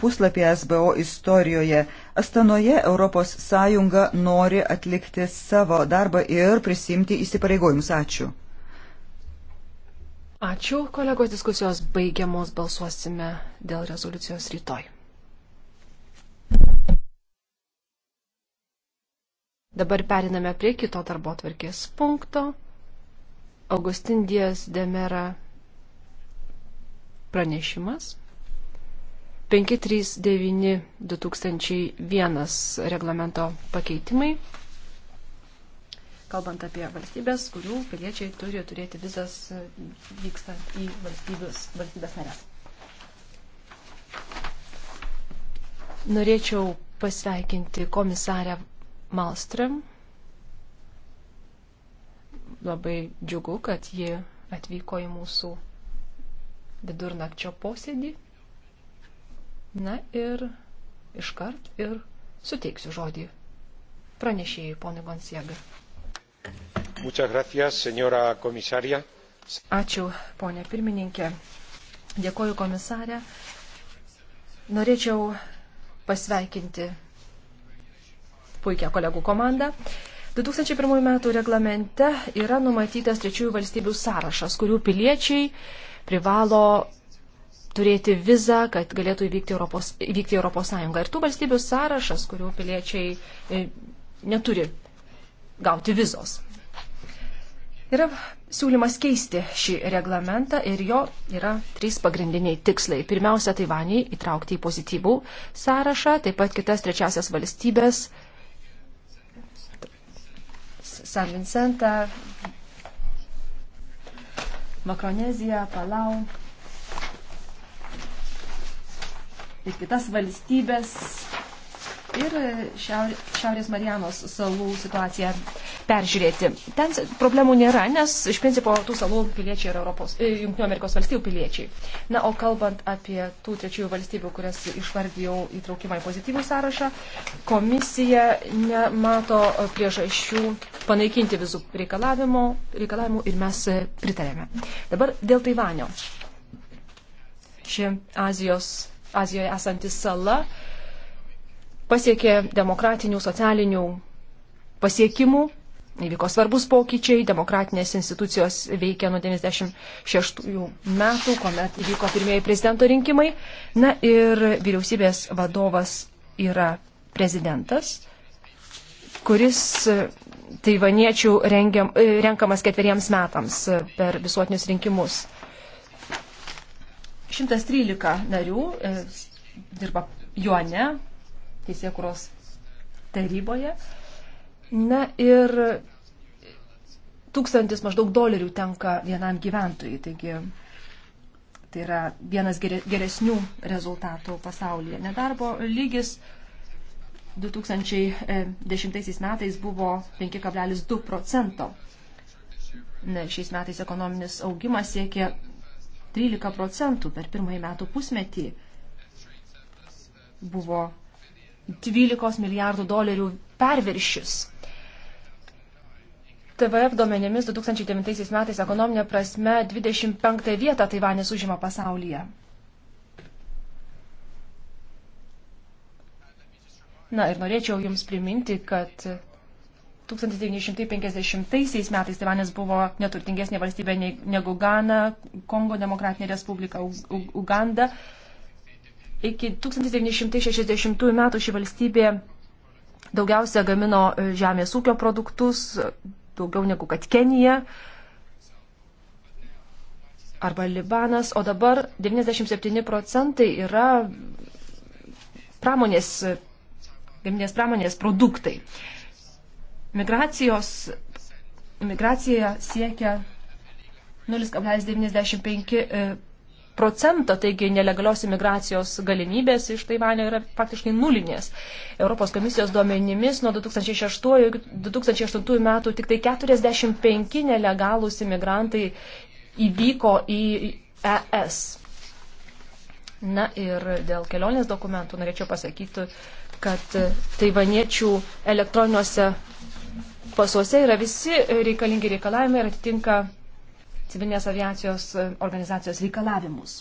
puslapį SBO istorijoje. Astanoje ES nori atlikti savo darbą ir prisimti įsipareigojimus. Ačiū. Ačiū. Kolegos diskusijos baigiamos balsuosime dėl rezoliucijos rytoj. Dabar periname prie kito darbo tvarkės punkto. Augustindijas Demera pranešimas. 539-2001 reglamento pakeitimai, kalbant apie valstybės, kurių piliečiai turi turėti vizas e, vykstant į valstybės, valstybės narės. Norėčiau pasveikinti komisarę Malström. Labai džiugu, kad ji atvyko į mūsų vidurnakčio posėdį. Na ir iškart ir suteiksiu žodį pranešėjai, ponui Bonsiega. Ačiū, ponė pirmininkė. Dėkoju komisarė. Norėčiau pasveikinti puikia kolegų komanda. 2001 metų reglamente yra numatytas trečiųjų valstybių sąrašas, kurių piliečiai privalo turėti vizą, kad galėtų įvykti Europos, įvykti Europos Sąjungą. Ir tų valstybių sąrašas, kurių piliečiai e, neturi gauti vizos. Yra siūlymas keisti šį reglamentą ir jo yra trys pagrindiniai tikslai. Pirmiausia, Taivanį įtraukti į pozityvų sąrašą, taip pat kitas trečiasias valstybės San Vincentą, Makroneziją, Palau, ir kitas valstybės ir Šiaurės Marijanos salų situaciją peržiūrėti. Ten problemų nėra, nes iš principo tų salų piliečiai yra Europos, e, Junktinių Amerikos valstybių piliečiai. Na, o kalbant apie tų trečiųjų valstybių, kurias išvardėjau įtraukimą į pozityvų sąrašą, komisija nemato priežasčių panaikinti vizų reikalavimų, reikalavimų ir mes pritarėme. Dabar dėl Taivanio. Ši Azijos Azijoje esanti sala pasiekė demokratinių, socialinių pasiekimų, įvyko svarbus pokyčiai, demokratinės institucijos veikia nuo 96 metų, kuomet įvyko pirmieji prezidento rinkimai. Na ir vyriausybės vadovas yra prezidentas, kuris taivaniečių rengiam, renkamas ketveriems metams per visuotinius rinkimus. 113 narių e, dirba Juone, teisėkuros taryboje. Na ir tūkstantis maždaug dolerių tenka vienam gyventojui. Taigi tai yra vienas geresnių rezultatų pasaulyje. Nedarbo lygis 2010 e, metais buvo 5,2 procento. Na, šiais metais ekonominis augimas siekė 13 procentų per pirmąjį metų pusmetį buvo 12 milijardų dolerių perviršis. TVF duomenimis 2009 metais ekonominė prasme 25 vietą Taivanis užima pasaulyje. Na ir norėčiau Jums priminti, kad 1950 metais Taivanas buvo neturtingesnė valstybė negu Gana, Kongo demokratinė respublika, Uganda. Iki 1960 metų ši valstybė daugiausia gamino e, žemės ūkio produktus, daugiau negu kad Kenija arba Libanas, o dabar 97 procentai yra pramonės, e, gaminės pramonės produktai. Uh, Migracijos, migracija siekia 0,95 e, procento, taigi nelegalios imigracijos galimybės iš Taivanio yra faktiškai nulinės. Europos komisijos duomenimis nuo 2006-2008 metų tik tai 45 nelegalūs imigrantai įvyko į ES. Na ir dėl kelionės dokumentų norėčiau pasakyti, kad taivaniečių elektroniniuose pasuose yra visi reikalingi reikalavimai ir atitinka civilinės aviacijos organizacijos reikalavimus.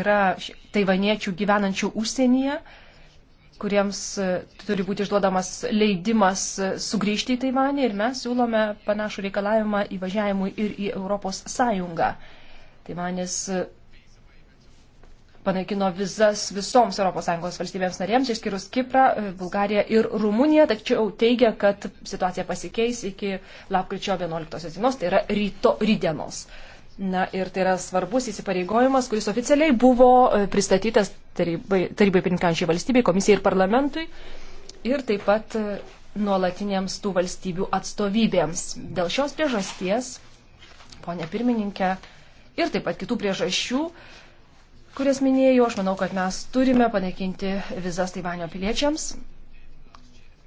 Yra taivaniečių gyvenančių užsienyje, kuriems e, turi būti išduodamas leidimas e, sugrįžti į Taivanį ir mes siūlome panašų reikalavimą įvažiavimui ir į Europos Sąjungą. Taivanis panaikino vizas visoms ES valstybėms narėms, išskyrus Kiprą, Bulgariją ir Rumuniją, tačiau teigia, kad situacija pasikeis iki lapkričio 11 dienos, tai yra ryto, rydienos. Na ir tai yra svarbus įsipareigojimas, kuris oficialiai buvo e, pristatytas tarybai, tarybai pirinkančiai valstybei, komisijai ir parlamentui ir taip pat e, nuolatinėms tų valstybių atstovybėms. Dėl šios priežasties, ponė pirmininkė, ir taip pat kitų priežasčių, kurias minėjau. Aš manau, kad mes turime panaikinti vizas Taivanio piliečiams.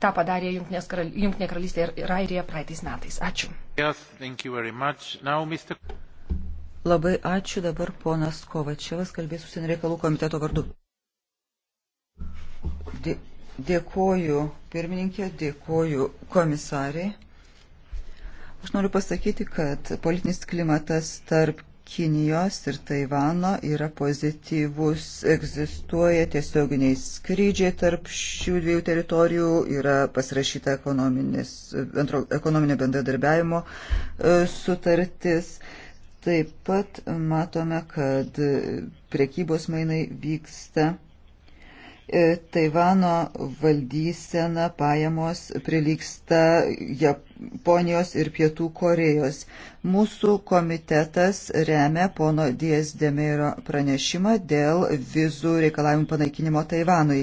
Ta padarė Junktinė karalystė ir Airija praeitais metais. Ačiū. Yes, Now, Mr... Labai ačiū dabar ponas Kovačiavas, kalbės užsienio reikalų komiteto vardu. Dė, dėkoju pirmininkė, dėkoju komisariai. Aš noriu pasakyti, kad politinis klimatas tarp Kinijos ir Taivano yra pozityvus, egzistuoja tiesioginiai skrydžiai tarp šių dviejų teritorijų, yra pasirašyta bendro, ekonominio bendradarbiavimo e, sutartis. Taip pat matome, kad prekybos mainai vyksta E, Taivano valdysena pajamos prilyksta Japonijos ir Pietų Korejos. Mūsų komitetas remia pono Dies Demeiro pranešimą dėl vizų reikalavimų panaikinimo Taivanui.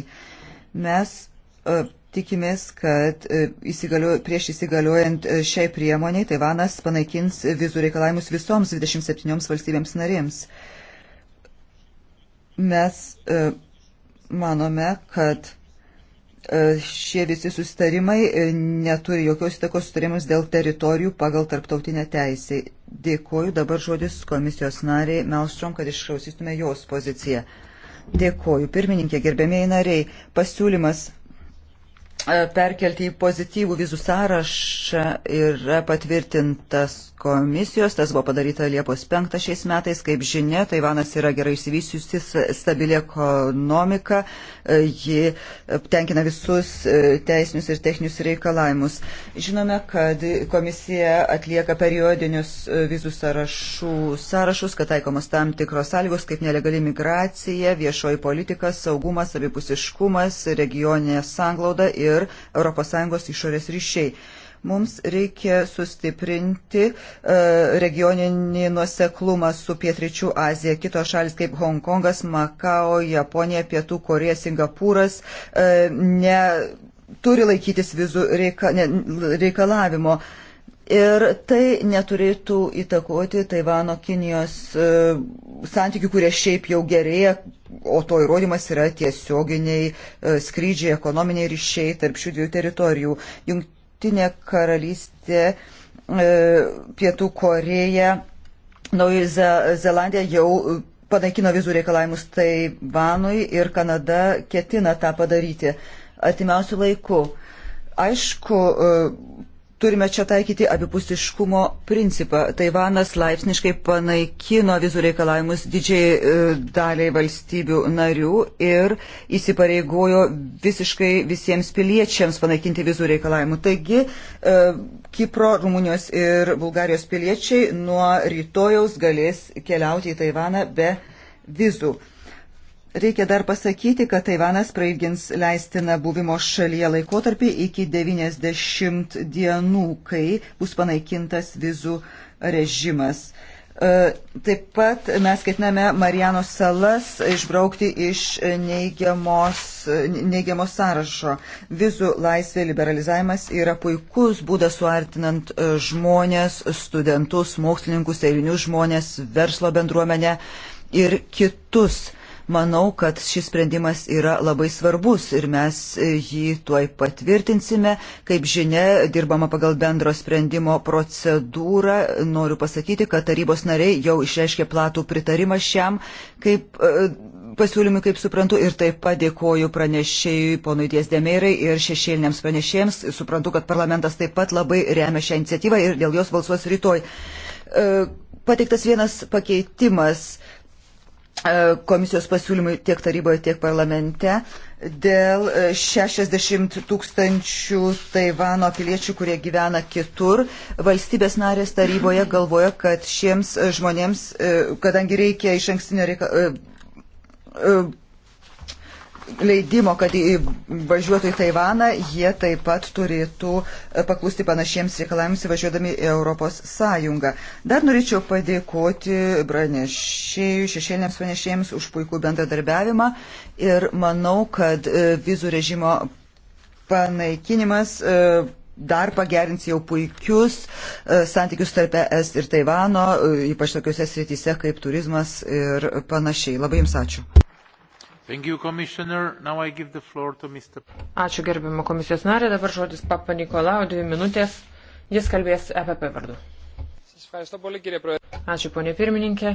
Mes e, tikimės, kad e, įsigaliu, prieš įsigaliuojant šiai priemoniai Taivanas panaikins vizų reikalavimus visoms 27 valstybėms narėms. Mes manome, kad e, šie visi sustarimai e, neturi jokios įtakos sustarimus dėl teritorijų pagal tarptautinę teisę. Dėkuoju dabar žodis komisijos nariai Melstrom, kad išklausytume jos poziciją. Dėkuoju pirmininkė, gerbėmėjai nariai, pasiūlymas E, perkelti į pozityvų vizų sąrašą yra patvirtintas komisijos, tas buvo padaryta Liepos 5 šiais metais, kaip žinia, Taivanas yra gerai įsivysiusi, stabili ekonomika, e, ji tenkina visus e, teisinius ir techninius reikalavimus. Žinome, kad komisija atlieka periodinius vizų sąrašų sąrašus, kad taikomos tam tikros sąlygos, kaip nelegali migracija, viešoji politika, saugumas, abipusiškumas, regioninė sanglauda ir ir ES išorės ryšiai. Mums reikia sustiprinti e, regioninį nuoseklumą su Pietričių Azija, kitos šalis kaip Hongkongas, Makao, Japonija, Pietų Korėja, Singapūras. E, ne, turi laikytis vizų reika, ne, reikalavimo. E, Ir tai neturėtų įtakoti Taivano Kinijos e, santykių, kurie šiaip jau gerėja, o to įrodymas yra tiesioginiai e, skrydžiai, ekonominiai ryšiai tarp šių dviejų teritorijų. Jungtinė karalystė, e, Pietų Koreja, Naujoji Zelandija jau panaikino vizų reikalavimus Taivanui ir Kanada ketina tą padaryti artimiausių laikų. Aišku, e, turime čia taikyti abipusiškumo principą. Taivanas laipsniškai panaikino vizų reikalavimus didžiai e, daliai valstybių narių ir įsipareigojo visiškai visiems piliečiams panaikinti vizų reikalavimų. Taigi e, Kipro, Rumunijos ir Bulgarijos piliečiai nuo rytojaus galės keliauti į Taivaną be vizų. Reikia dar pasakyti, kad Taivanas prailgins leistiną buvimo šalyje laikotarpį iki 90 dienų, kai bus panaikintas vizų režimas. E, taip pat mes ketiname Marijano salas išbraukti iš neigiamos, neigiamos sąrašo. Vizų laisvė liberalizavimas yra puikus būdas suartinant e, žmonės, studentus, mokslininkus, eilinius žmonės, verslo bendruomenę ir kitus Manau, kad šis sprendimas yra labai svarbus ir mes jį tuoj patvirtinsime. Kaip žinia, dirbama pagal bendro sprendimo procedūrą. Noriu pasakyti, kad tarybos nariai jau išreiškė platų pritarimą šiam kaip e, pasiūlymui, kaip suprantu, ir taip pat dėkoju pranešėjui ponui Diezdemeirai ir šešėliniams pranešėjams. Suprantu, kad parlamentas taip pat labai remia šią iniciatyvą ir dėl jos balsuos rytoj. E, pateiktas vienas pakeitimas E, komisijos pasiūlymui tiek taryboje, tiek parlamente dėl 60 e, tūkstančių Taivano piliečių, kurie gyvena kitur. Valstybės narės taryboje galvoja, kad šiems žmonėms, e, kadangi reikia iš ankstinio reikalo leidimo, kad važiuotų į Taivaną, jie taip pat turėtų e, paklusti panašiems reikalavimams įvažiuodami į Europos Sąjungą. Dar norėčiau padėkoti pranešėjų, šešėlėms pranešėjams už puikų bendradarbiavimą ir manau, kad e, vizų režimo panaikinimas e, dar pagerins jau puikius santykius tarp ES ir Taivano, ypač tokiuose srityse kaip turizmas ir panašiai. Labai Jums ačiū. You, Ačiū gerbimo komisijos narė, dabar žodis Papa Nikolau, dvi minutės, jis kalbės EPP vardu. Ačiū ponė pirmininkė.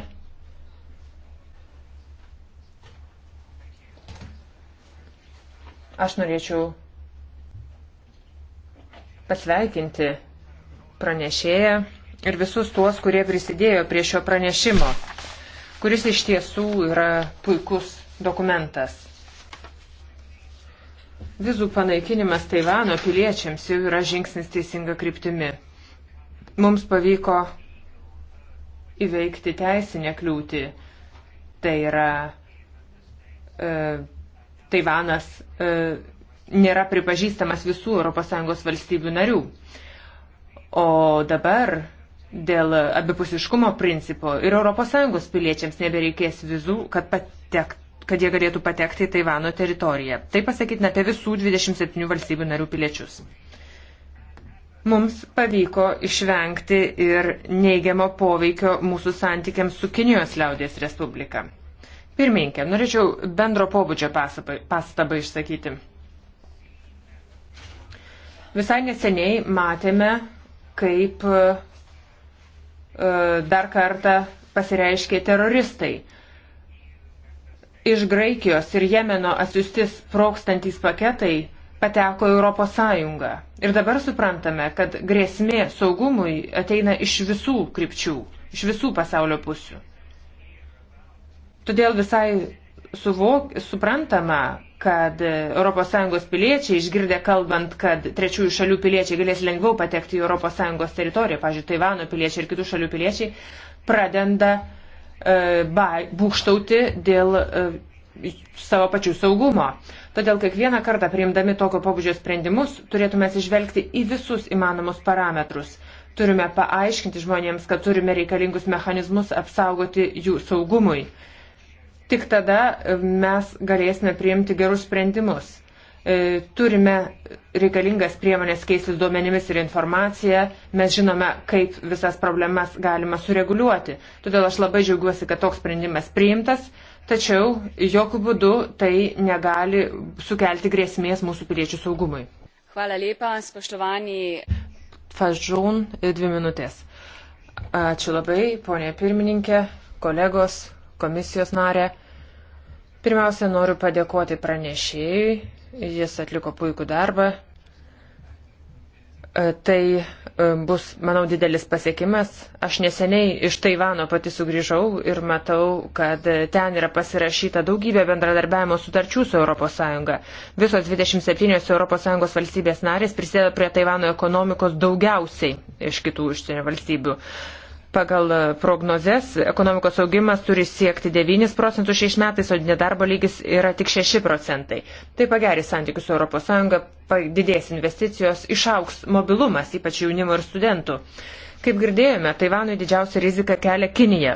Aš norėčiau pasveikinti pranešėją ir visus tuos, kurie prisidėjo prie šio pranešimo, kuris iš tiesų yra puikus dokumentas. Vizų panaikinimas Taivano piliečiams jau yra žingsnis teisinga kryptimi. Mums pavyko įveikti teisinę kliūtį. Tai yra e, Taivanas e, nėra pripažįstamas visų ES valstybių narių. O dabar dėl abipusiškumo principo ir ES piliečiams nebereikės vizų, kad patektų kad jie galėtų patekti į Taivano teritoriją. Tai pasakytina apie visų 27 valstybių narių piliečius. Mums pavyko išvengti ir neigiamo poveikio mūsų santykiams su Kinijos liaudės Respublika. Pirminkė, norėčiau bendro pobūdžio pastabą išsakyti. Visai neseniai matėme, kaip e, dar kartą pasireiškė teroristai iš Graikijos ir Jemeno atsiustis prokstantis paketai pateko Europos Sąjungą. Ir dabar suprantame, kad grėsmė saugumui ateina iš visų krypčių, iš visų pasaulio pusių. Todėl visai suvok, suprantama, kad ES piliečiai išgirdę kalbant, kad trečiųjų šalių piliečiai galės lengviau patekti į ES teritoriją, pažiūrėjau, Taivano piliečiai ir kitų šalių piliečiai, pradeda uh, E, būkštauti dėl e, savo pačių saugumo. Todėl kiekvieną kartą priimdami tokio pobūdžio sprendimus turėtume atsižvelgti į visus įmanomus parametrus. Turime paaiškinti žmonėms, kad turime reikalingus mechanizmus apsaugoti jų saugumui. Tik tada mes galėsime priimti gerus sprendimus. E, turime reikalingas priemonės keistis duomenimis ir informacija, mes žinome, kaip visas problemas galima sureguliuoti. Todėl aš labai džiaugiuosi, kad toks sprendimas priimtas, tačiau jokių būdų tai negali sukelti grėsmės mūsų piliečių saugumui. Hvala lepa, spoštovani. Fažun, dvi minutės. Ačiū labai, ponė pirmininkė, kolegos, komisijos narė. Pirmiausia, noriu padėkoti pranešėjai Jis atliko puikų darbą. E, tai e, bus, manau, didelis pasiekimas. Aš neseniai iš Taivano pati sugrįžau ir matau, kad ten yra pasirašyta daugybė bendradarbiavimo sutarčių su ES. Visos 27 ES valstybės narės prisėda prie Taivano ekonomikos daugiausiai iš kitų užsienio valstybių. Uh, Pagal e, prognozes ekonomikos augimas turi siekti 9 procentų šiais metais, o nedarbo lygis yra tik 6 procentai. Tai pagerys santykius su ES, padidės investicijos, išauks mobilumas, ypač jaunimo ir studentų. Kaip girdėjome, Taivanui didžiausia rizika kelia Kinija.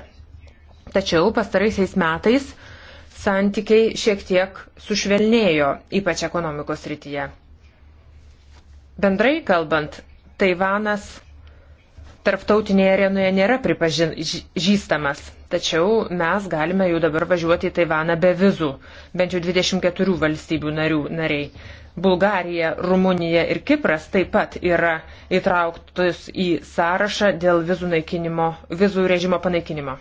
Tačiau pastaraisiais metais santykiai šiek tiek sušvelnėjo, ypač ekonomikos rytyje. Bendrai kalbant, Taivanas tarptautinėje arenoje nėra pripažįstamas. Tačiau mes galime jau dabar važiuoti į Taivaną be vizų, bent jau 24 valstybių narių nariai. Bulgarija, Rumunija ir Kipras taip pat yra įtrauktus į sąrašą dėl vizų, vizų režimo panaikinimo.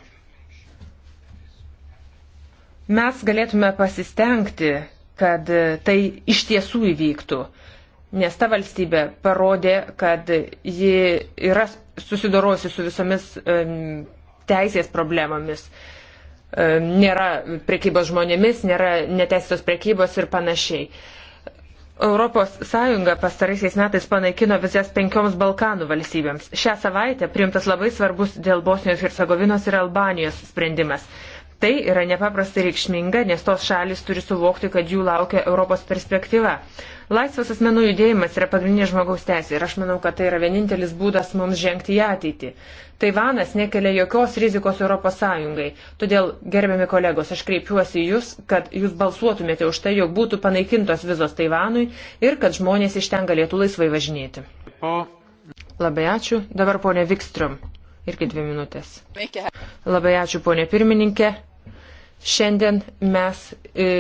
Mes galėtume pasistengti, kad tai iš tiesų įvyktų nes ta valstybė parodė, kad ji yra susidorosi su visomis teisės problemomis. Nėra prekybos žmonėmis, nėra neteisėtos prekybos ir panašiai. Europos Sąjunga pastaraisiais metais panaikino vizas penkioms Balkanų valstybėms. Šią savaitę priimtas labai svarbus dėl Bosnijos ir Sagovinos ir Albanijos sprendimas. Tai yra nepaprastai reikšminga, nes tos šalis turi suvokti, kad jų laukia Europos perspektyva. Laisvas asmenų judėjimas yra pagrindinė žmogaus teisė ir aš manau, kad tai yra vienintelis būdas mums žengti į ateitį. Taivanas nekelia jokios rizikos ES. Todėl, gerbiami kolegos, aš kreipiuosi jūs, kad jūs balsuotumėte už tai, jog būtų panaikintos vizos Taivanui ir kad žmonės iš ten galėtų laisvai važinėti. O... Labai ačiū. Dabar ponė Vikstrom. Irgi dvi minutės. Labai ačiū ponė pirmininkė. Šiandien mes. E,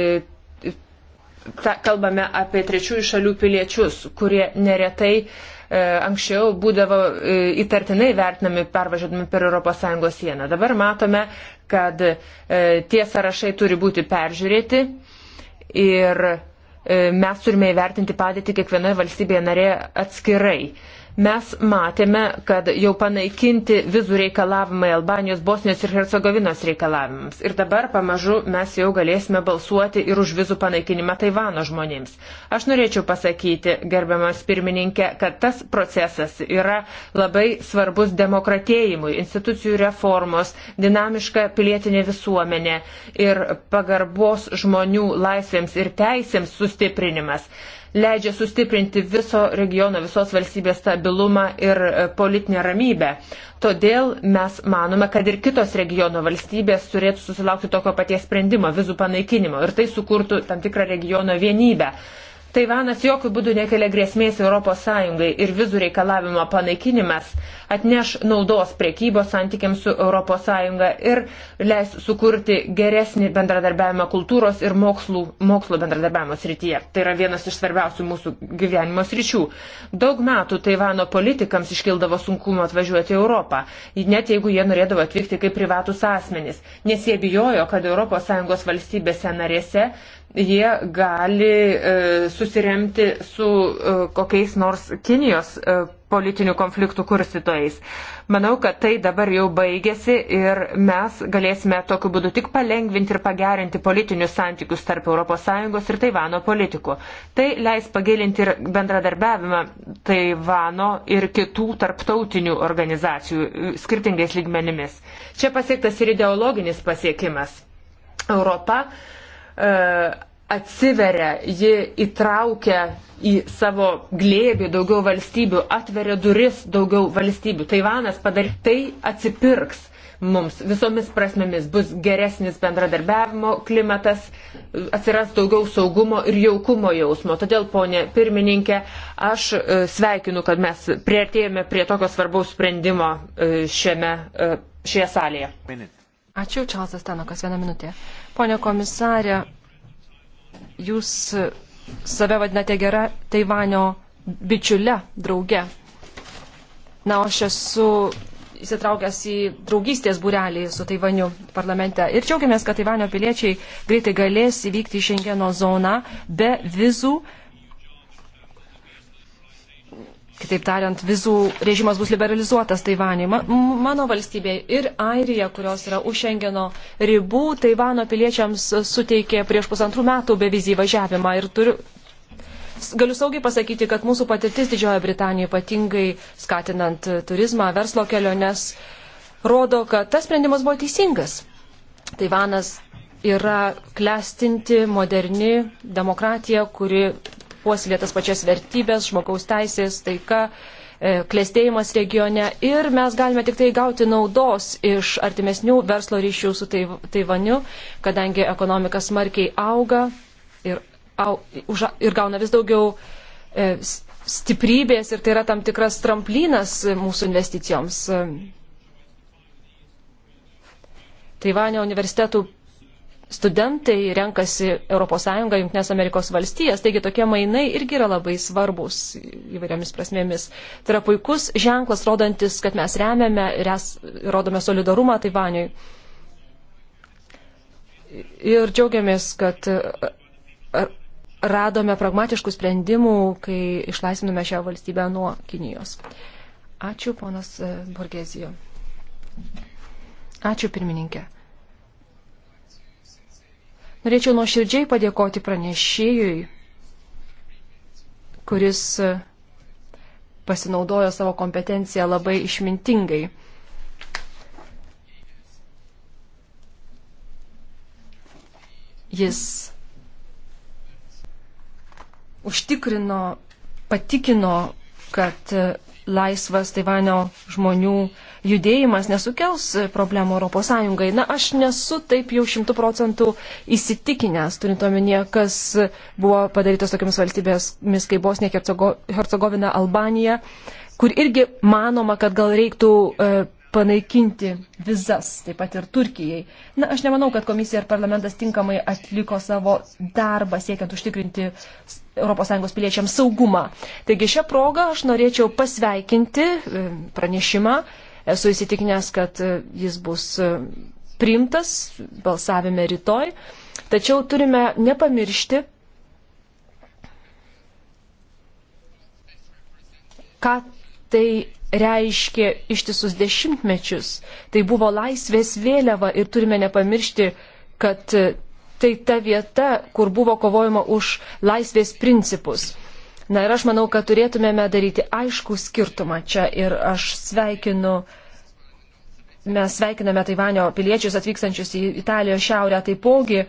ta, kalbame apie trečiųjų šalių piliečius, kurie neretai e, anksčiau būdavo e, įtartinai vertinami pervažiuodami per ES sieną. Dabar matome, kad e, tie sąrašai turi būti peržiūrėti ir e, mes turime įvertinti padėtį kiekvienoje valstybėje narėje atskirai. E, Mes matėme, kad jau panaikinti vizų reikalavimai Albanijos, Bosnijos ir Hercegovinos reikalavimams. Ir dabar pamažu mes jau galėsime balsuoti ir už vizų panaikinimą Taivano žmonėms. Aš norėčiau pasakyti, gerbiamas pirmininkė, kad tas procesas yra labai svarbus demokratėjimui, institucijų reformos, dinamiška pilietinė visuomenė ir pagarbos žmonių laisvėms ir teisėms sustiprinimas leidžia sustiprinti viso regiono, visos valstybės stabilumą ir e, politinę ramybę. Todėl mes manome, kad ir kitos regiono valstybės turėtų susilaukti tokio paties sprendimo, vizų panaikinimo ir tai sukurtų tam tikrą regiono vienybę. Taivanas jokių būdų nekelia grėsmės ES ir vizų reikalavimo panaikinimas atneš naudos priekybos santykiams su ES ir leis sukurti geresnį bendradarbiavimą kultūros ir mokslų, mokslo bendradarbiavimo srityje. Tai yra vienas iš svarbiausių mūsų gyvenimo sričių. Daug metų Taivano politikams iškildavo sunkumo atvažiuoti į Europą, net jeigu jie norėdavo atvykti kaip privatus asmenys, nes jie bijojo, kad ES valstybėse narėse jie gali e, susiremti su e, kokiais nors Kinijos e, politinių konfliktų kurstytojais. Manau, kad tai dabar jau baigėsi ir mes galėsime tokiu būdu tik palengvinti ir pagerinti politinius santykius tarp ES ir Taivano politikų. Tai leis pagilinti ir bendradarbiavimą Taivano ir kitų tarptautinių organizacijų skirtingais lygmenimis. Čia pasiektas ir ideologinis pasiekimas. Europa E, atsiveria, ji įtraukia į savo glėbį daugiau valstybių, atveria duris daugiau valstybių. Taivanas padarė tai atsipirks mums visomis prasmėmis bus geresnis bendradarbiavimo klimatas, atsiras daugiau saugumo ir jaukumo jausmo. Todėl, ponė pirmininkė, aš e, sveikinu, kad mes prieartėjome prie tokio svarbaus sprendimo e, šiame, šioje salėje. Minute. Ačiū, Čalsas Tanokas, vieną minutę. Pone komisarė, jūs save vadinate gera Taivanio bičiule, drauge. Na, aš esu įsitraukęs į draugystės būrelį su Taivaniu parlamente. Ir džiaugiamės, kad Taivanio piliečiai greitai galės įvykti į Šengeno zoną be vizų Kitaip tariant, vizų režimas bus liberalizuotas Taivanui. Ma, mano valstybė ir Airija, kurios yra už Šengeno ribų, Taivano piliečiams suteikė prieš pusantrų metų bevizį važiavimą. Ir turiu, galiu saugiai pasakyti, kad mūsų patirtis Didžiojo Britanijoje ypatingai skatinant turizmą, verslo keliones, rodo, kad tas sprendimas buvo teisingas. Taivanas yra klestinti, moderni demokratija, kuri puoselė tas pačias vertybės, žmogaus teisės, taika, e, klėstėjimas regione ir mes galime tik tai gauti naudos iš artimesnių verslo ryšių su tai, Taivaniu, kadangi ekonomika smarkiai auga ir, au, uža, ir gauna vis daugiau e, stiprybės ir tai yra tam tikras tramplynas mūsų investicijoms. Taivanio universitetų studentai renkasi ES, Junktinės Amerikos valstijas, taigi tokie mainai irgi yra labai svarbus įvairiomis prasmėmis. Tai yra puikus ženklas, rodantis, kad mes remiame ir es, rodome solidarumą Taivaniui. Ir džiaugiamės, kad e, radome pragmatiškų sprendimų, kai išlaisvinome šią valstybę nuo Kinijos. Ačiū, ponas e, Borgezijo. Ačiū, pirmininkė. Norėčiau nuoširdžiai padėkoti pranešėjui, kuris pasinaudojo savo kompetenciją labai išmintingai. Jis užtikrino, patikino, kad laisvas Taivanio žmonių judėjimas nesukels problemų ES. Na, aš nesu taip jau šimtų procentų įsitikinęs, turint omenyje, kas buvo padarytas tokiamis valstybėmis kaip Bosnija, Hercegovina, Albanija, kur irgi manoma, kad gal reiktų e, panaikinti vizas, taip pat ir Turkijai. Na, aš nemanau, kad komisija ir parlamentas tinkamai atliko savo darbą siekiant užtikrinti ES piliečiams saugumą. Taigi šią progą aš norėčiau pasveikinti e, pranešimą. Esu įsitikinęs, kad e, jis bus e, priimtas balsavime rytoj. Tačiau turime nepamiršti, ką tai reiškė ištisus dešimtmečius. Tai buvo laisvės vėliava ir turime nepamiršti, kad e, tai ta vieta, kur buvo kovojama už laisvės principus. Na ir aš manau, kad turėtumėme daryti aiškų skirtumą čia ir aš sveikinu mes sveikiname Taivanio piliečius atvykstančius į Italijos šiaurę taipogi,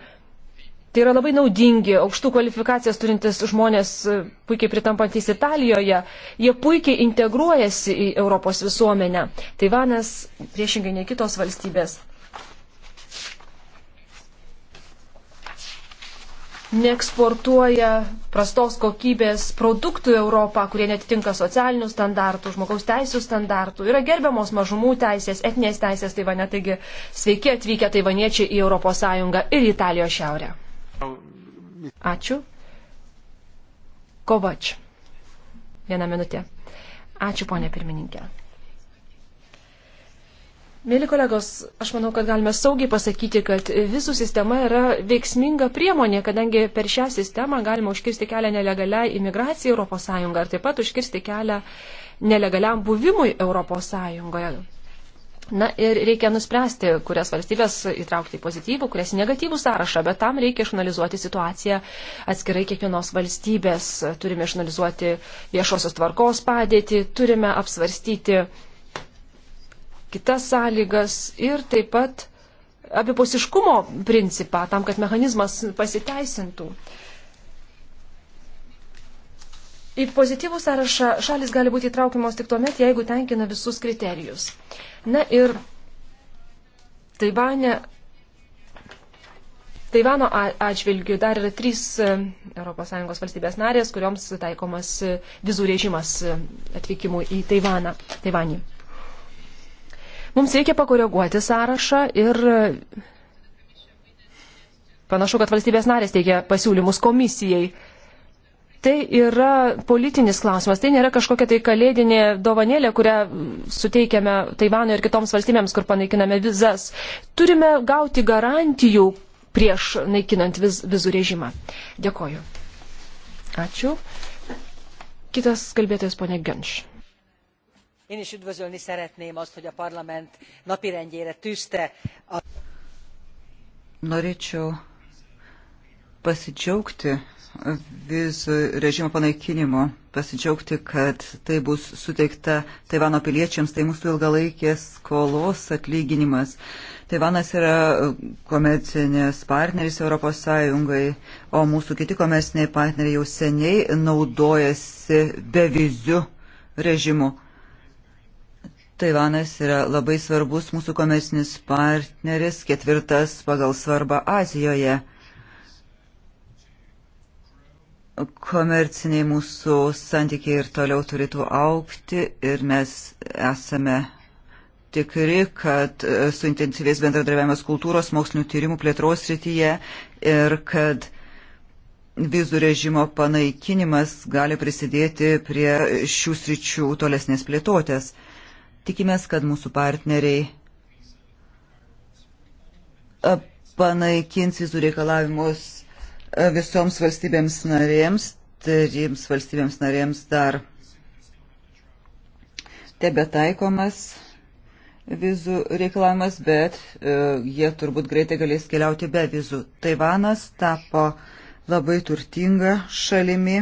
Tai yra labai naudingi, aukštų kvalifikacijas turintis žmonės, e, puikiai pritampantis Italijoje, jie puikiai integruojasi į Europos visuomenę. Taivanas, priešingai nei kitos valstybės, neeksportuoja prastos kokybės produktų į Europą, kurie netitinka socialinių standartų, žmogaus teisų standartų. Yra gerbiamos mažumų teisės, etinės teisės Taivane. Taigi sveiki atvykę taivaniečiai į ES ir Italijos šiaurę. Ačiū. Kovač. Vieną minutę. Ačiū, ponė pirmininkė. Mėly kolegos, aš manau, kad galime saugiai pasakyti, kad visų sistema yra veiksminga priemonė, kadangi per šią sistemą galima užkirsti kelią nelegaliai imigracijai ES ir taip pat užkirsti kelią nelegaliam buvimui ES. Na ir reikia nuspręsti, kurias valstybės įtraukti į pozityvų, kurias į negatyvų sąrašą, bet tam reikia išanalizuoti situaciją atskirai kiekvienos valstybės. Turime išanalizuoti viešosios tvarkos padėtį, turime apsvarstyti kitas sąlygas ir taip pat abipusiškumo principą tam, kad mechanizmas pasiteisintų. Į pozityvų sąrašą šalis gali būti įtraukiamos tik tuomet, jeigu tenkina visus kriterijus. Na ir Taivane. Taivano atžvilgių dar yra trys ES valstybės narės, kurioms taikomas e, vizų režimas e, atvykimui į Taivaną. Taivanį. Mums reikia pakoreguoti sąrašą ir e, panašu, kad valstybės narės teikia pasiūlymus komisijai tai yra politinis klausimas, tai nėra kažkokia tai kalėdinė dovanėlė, kurią suteikiame Taivanui ir kitoms valstybėms, kur panaikiname vizas. Turime gauti garantijų prieš naikinant viz, vizų režimą. Dėkoju. Ačiū. Kitas kalbėtojas, ponė Genš. Én is üdvözölni szeretném azt, hogy a parlament napirendjére tűzte a... Norėčiau pasidžiaugti vizų režimo panaikinimu, pasidžiaugti, kad tai bus suteikta Taivano piliečiams, tai mūsų ilgalaikės skolos atlyginimas. Taivanas yra komercinės partneris ES, o mūsų kiti komerciniai partneriai jau seniai naudojasi bevizių režimu. Taivanas yra labai svarbus mūsų komercinis partneris, ketvirtas pagal svarbą Azijoje komerciniai mūsų santykiai ir toliau turėtų aukti ir mes esame tikri, kad e, suintensyvės bendradarbiavimas kultūros, mokslinių tyrimų plėtros srityje ir kad vizų režimo panaikinimas gali prisidėti prie šių sričių tolesnės plėtotės. Tikimės, kad mūsų partneriai e, panaikins vizų reikalavimus visoms valstybėms narėms, trims valstybėms narėms dar tebe taikomas vizų reikalavimas, bet e, jie turbūt greitai galės keliauti be vizų. Taivanas tapo labai turtinga šalimi,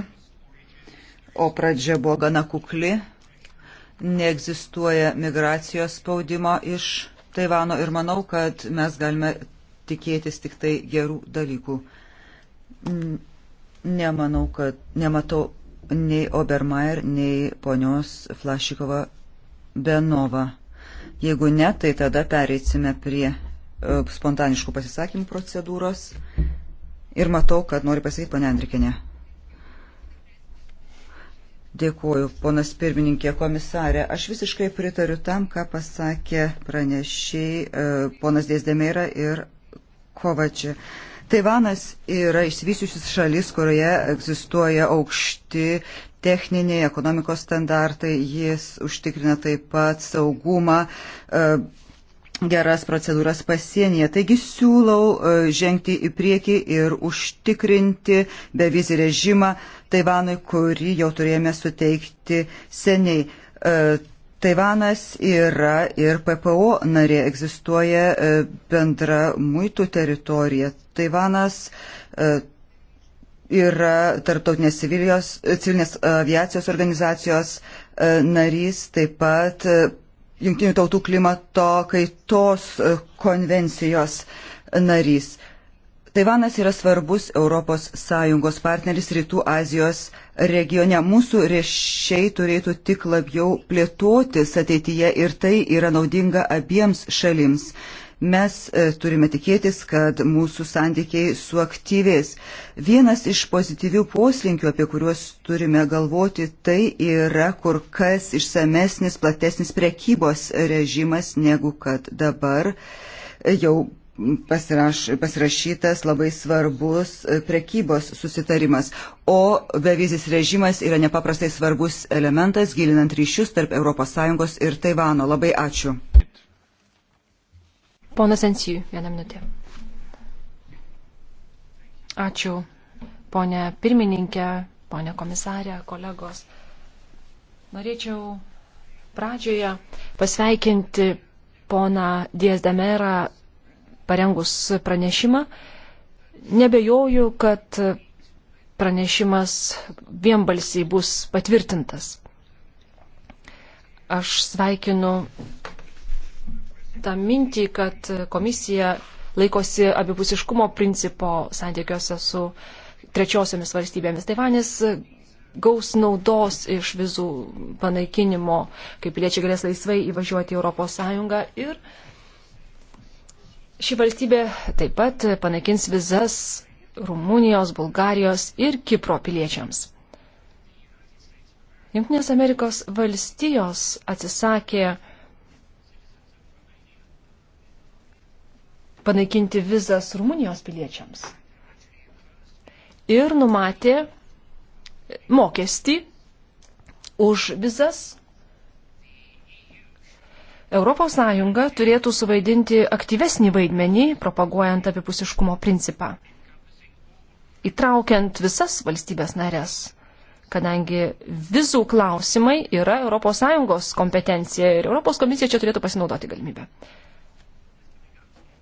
o pradžia buvo gana kukli. Neegzistuoja migracijos spaudimo iš Taivano ir manau, kad mes galime tikėtis tik tai gerų dalykų. Nemanau, kad nematau nei Obermeier, nei ponios Flašikova Benova. Jeigu ne, tai tada pereitsime prie e, spontaniškų pasisakymų procedūros. Ir matau, kad nori pasakyti ponė Andrikinė. Dėkuoju, ponas pirmininkė komisarė. Aš visiškai pritariu tam, ką pasakė pranešiai e, ponas Dėsdemeira ir Kovačia. Taivanas yra išsivysiušis šalis, kurioje egzistuoja aukšti techniniai, ekonomikos standartai, jis užtikrina taip pat saugumą, e, geras procedūras pasienyje. Taigi siūlau e, žengti į priekį ir užtikrinti bevizį režimą Taivanui, kurį jau turėjome suteikti seniai. E, Taivanas yra ir PPO narė, egzistuoja e, bendra muitų teritorija. Taivanas e, yra tarptautinės e, civilinės aviacijos organizacijos narys, taip pat Junktinių tautų klimato kaitos konvencijos narys. Taivanas yra svarbus ES partneris Rytų Azijos regione. Mūsų ryšiai turėtų tik labiau plėtotis ateityje ir tai yra naudinga abiems šalims. Mes e, turime tikėtis, kad mūsų santykiai suaktyvės. Vienas iš pozityvių poslinkių, apie kuriuos turime galvoti, tai yra kur kas išsamesnis, platesnis prekybos režimas negu kad dabar jau pasiraš, pasirašytas labai svarbus e, prekybos susitarimas, o bevizis režimas yra nepaprastai svarbus elementas gilinant ryšius tarp ES ir Taivano. Labai ačiū. Ponas Ensijų, vieną minutę. Ačiū, ponė pirmininkė, ponė komisarė, kolegos. Norėčiau pradžioje pasveikinti poną Diezdemerą parengus pranešimą. Nebejoju, kad pranešimas vienbalsiai bus patvirtintas. Aš sveikinu tą mintį, kad komisija laikosi abipusiškumo principo santykiuose su trečiosiomis valstybėmis. Taivanis gaus naudos iš vizų panaikinimo, kaip piliečiai galės laisvai įvažiuoti į ES ir Ši valstybė taip pat panaikins vizas Rumunijos, Bulgarijos ir Kipro piliečiams. Junktinės Amerikos valstijos atsisakė panaikinti vizas Rumunijos piliečiams ir numatė mokestį už vizas ES turėtų suvaidinti aktyvesnį vaidmenį, propaguojant apipusiškumo principą, įtraukiant visas valstybės narės, kadangi vizų klausimai yra ES kompetencija ir ES komisija čia turėtų pasinaudoti galimybę.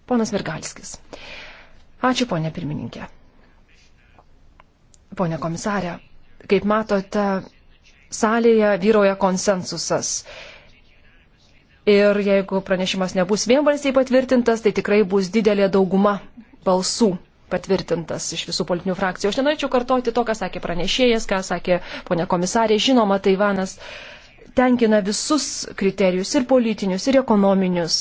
Ponas Virgalskis. Ačiū, ponė pirmininkė. Pone komisarė, kaip matote, salėje vyroja konsensusas Ir jeigu pranešimas nebus vienbalsiai patvirtintas, tai tikrai bus didelė dauguma balsų patvirtintas iš visų politinių frakcijų. Aš nenorėčiau kartoti to, ką sakė pranešėjas, ką sakė ponia komisarė. Žinoma, Taivanas tenkina visus kriterijus ir politinius, ir ekonominius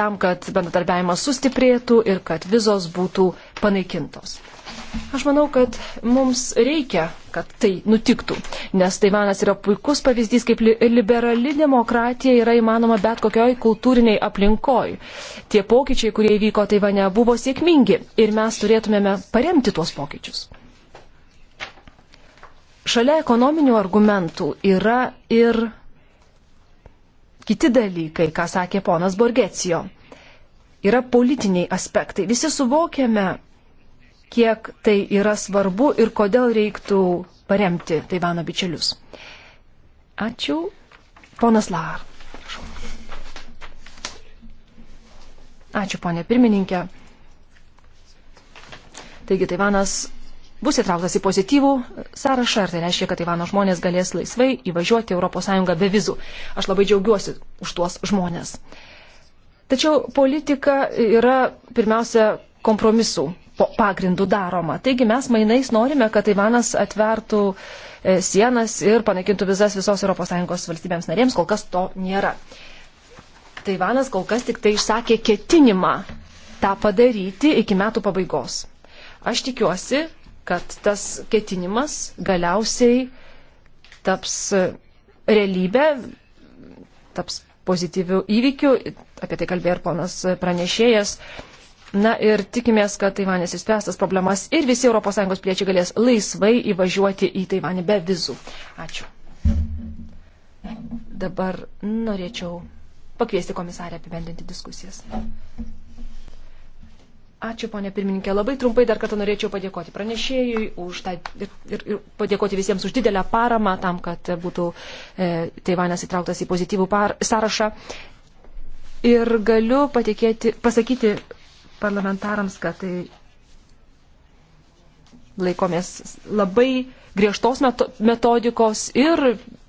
tam, kad bendradarbiavimas sustiprėtų ir kad vizos būtų panaikintos. Aš manau, kad mums reikia, kad tai nutiktų, nes Taivanas yra puikus pavyzdys, kaip liberali demokratija yra įmanoma bet kokioj kultūriniai aplinkoj. Tie pokyčiai, kurie įvyko Taivane, buvo sėkmingi ir mes turėtumėme paremti tuos pokyčius. Šalia ekonominių argumentų yra ir kiti dalykai, ką sakė ponas Borgecijo. Yra politiniai aspektai. Visi suvokėme, kiek tai yra svarbu ir kodėl reiktų paremti Taivano bičiulius. Ačiū. Ponas Lahar. Ačiū, ponė pirmininkė. Taigi Taivanas bus įtrauktas į pozityvų sąrašą, ar tai reiškia, kad Taivano žmonės galės laisvai įvažiuoti ES be vizų. Aš labai džiaugiuosi už tuos žmonės. Tačiau politika yra pirmiausia kompromisų pagrindų daroma. Taigi mes mainais norime, kad Taivanas atvertų e, sienas ir panaikintų vizas visos ES valstybėms narėms, kol kas to nėra. Taivanas kol kas tik tai išsakė ketinimą tą padaryti iki metų pabaigos. Aš tikiuosi, kad tas ketinimas galiausiai taps e, realybė, taps pozityvių įvykių, apie tai kalbėjo ir ponas pranešėjas. Na ir tikimės, kad Taivanis įspręstas problemas ir visi ES piliečiai galės laisvai įvažiuoti į Taivanį be vizų. Ačiū. Dabar norėčiau pakviesti komisarę apibendinti diskusijas. Ačiū, ponė pirmininkė. Labai trumpai dar kartą norėčiau padėkoti pranešėjui už tą ir, ir, ir padėkoti visiems už didelę paramą tam, kad būtų e, Taivanas įtrauktas į pozityvų par, sąrašą. Ir galiu patikėti, pasakyti parlamentarams, kad tai laikomės labai griežtos metodikos ir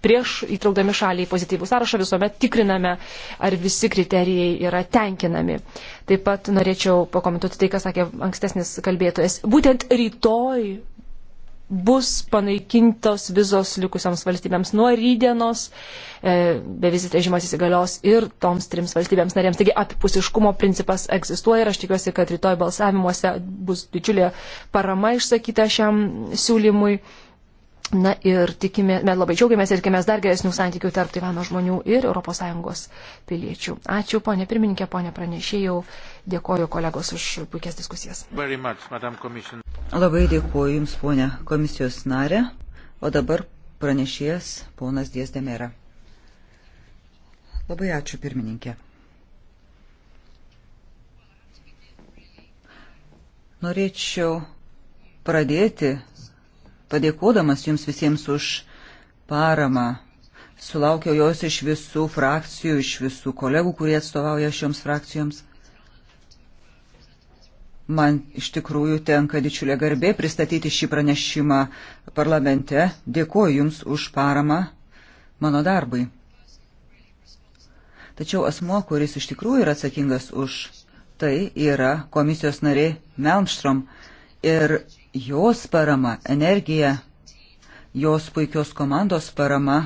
prieš įtraukdami šalį į pozityvų sąrašą visuomet tikriname, ar visi kriterijai yra tenkinami. Taip pat norėčiau pakomentuoti tai, ką sakė ankstesnis kalbėtojas. Būtent rytoj bus panaikintos vizos likusioms valstybėms nuo rydienos, e, bevizis režimas įsigalios ir toms trims valstybėms narėms. Taigi apipusiškumo principas egzistuoja ir aš tikiuosi, kad rytoj balsavimuose bus didžiulė parama išsakyta šiam siūlymui. Na ir tikime, mes labai džiaugiamės ir tikimės dar geresnių santykių tarp Taivano žmonių ir ES piliečių. Ačiū, ponė pirmininkė, ponė pranešėjau, dėkoju kolegos už puikias diskusijas. Much, Labai dėkuoju Jums, ponė komisijos narė, o dabar pranešėjas ponas Dies Demera. Labai ačiū pirmininkė. Norėčiau pradėti padėkodamas Jums visiems už paramą. Sulaukiau jos iš visų frakcijų, iš visų kolegų, kurie atstovauja šioms frakcijoms. Man iš tikrųjų tenka didžiulė garbė pristatyti šį pranešimą parlamente. Dėkuoju Jums už paramą mano darbui. Tačiau asmo, kuris iš tikrųjų yra atsakingas už tai, yra komisijos narė Melmstrom ir jos parama, energija, jos puikios komandos parama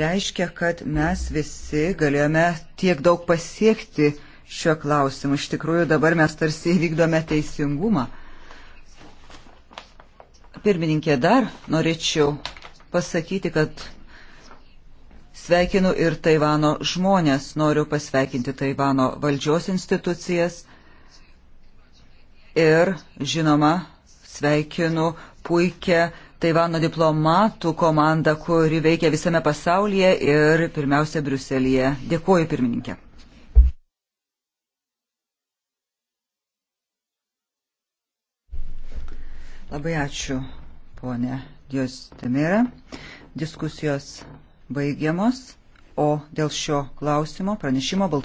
reiškia, kad mes visi galėjome tiek daug pasiekti šio klausimu. Iš tikrųjų, dabar mes tarsi vykdome teisingumą. Pirmininkė, dar norėčiau pasakyti, kad sveikinu ir Taivano žmonės. Noriu pasveikinti Taivano valdžios institucijas ir, žinoma, sveikinu puikia Taivano diplomatų komanda, kuri veikia visame pasaulyje ir pirmiausia Briuselėje. Dėkuoju pirmininkė. Labai ačiū, ponė Diostemira. Diskusijos baigiamos, o dėl šio klausimo pranešimo balsuosime.